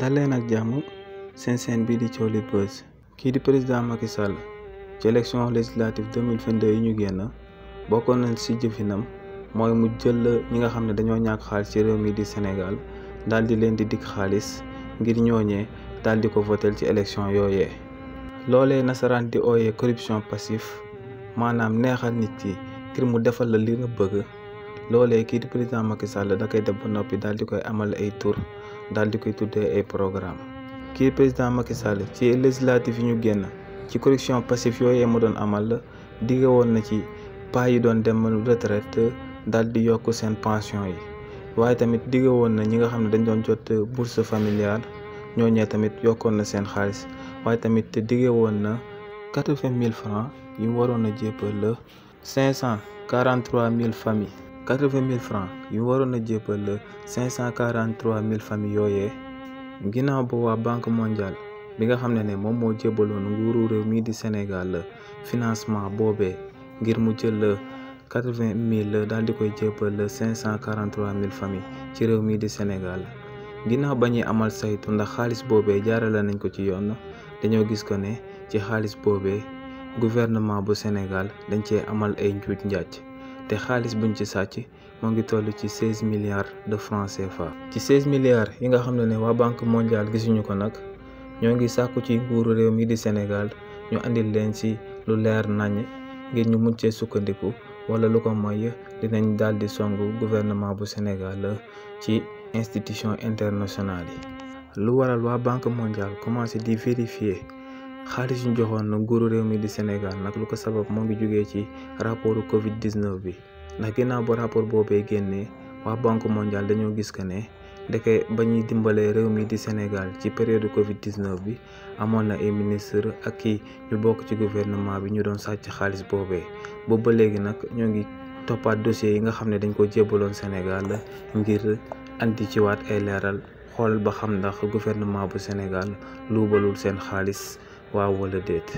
daleen ak jàmm seen seen bii di Thiowli Buzz kii di président Macky Sall ci élection législative yi ñu génn bokkoon nañ ci jëfinam mooy mu jël ñi nga xam ne dañoo ñàkk xaalis ci réew mi di Sénégal daal di leen di dikk xaalis ngir ñooñee daal di ko votel ci élection yooyee loolee nasaraan di ooyee corruption passive maanaam neexal nit ki ngir mu defal la li nga bëgg loolee kii di président Macky Sall da koy def ba noppi daal di koy amal ay tour daal di koy tuddee ay programme kii président Macky Sall ci législative yi ñu génn ci correction passive yooyee ma doon amal la digge woon na ci paa yi doon dem retraite daal di yokk seen pension yi waaye tamit digge woon na ñi nga xam ne dañ doon jot bourse familiale ñooñee tamit yokkoon na seen xaalis waaye tamit digge woon na quatre-vingt mille francs yi mu waroon a jéppal la cinq cent quarante mille familles quatre vingt mille francs yi waroon a jéppal le cinq cent quarante mille famille yooye ginnaaw ba waa banque mondiale bi nga xam ne ne moom moo jébbaloon nguuru réew mii di Sénégal la financement boobee ngir mu jël la quatre vingt mille daal di koy jéppal la cinq cent quarante mille familles ci réew mii di Sénégal ginnaaw ba ñuy amal saytu ndax xaalis boobee jaarale nañ ko ci yoon dañoo gis ko ne ci xaalis boobee. gouvernement bu Sénégal dañ cee amal ay njuuj njaaj te xaalis buñ ci sàcc moo ngi toll ci 16 milliards de francs CFA. ci 16 milliards yi nga xam ne ne waa banque mondiale gisuñu ko nag ñoo ngi sàkku ci nguuru réew mi di Sénégal ñu indi leen ci lu leer nañ ngir ñu mun cee sukkandiku wala lu ko moy dinañ daal di song gouvernement bu Sénégal ci institution internationale yi. lu waral waa banque mondiale commencé di vérifier. xaalis yu ñu joxoon nguuru réew mi di Sénégal nag lu ko sabab moo ngi jógee ci rapportu Covid 19 bi ndax ginnaaw ba rapport boobee génnee waa banque mondiale dañoo gis que ne ndeke ba ñuy dimbalee réew mi di Sénégal ci période Covid 19 bi amoon na ay ministre ak ki ñu bokk ci gouvernement bi ñu doon sàcc xaalis boobee boobu ba léegi nag ñoo ngi toppaat dossier yi nga xam ne dañ ko jébbaloon Sénégal ngir andi ci waat ay leeral xool ba xam ndax gouvernement bu Sénégal luubalul seen xaalis. wawala it?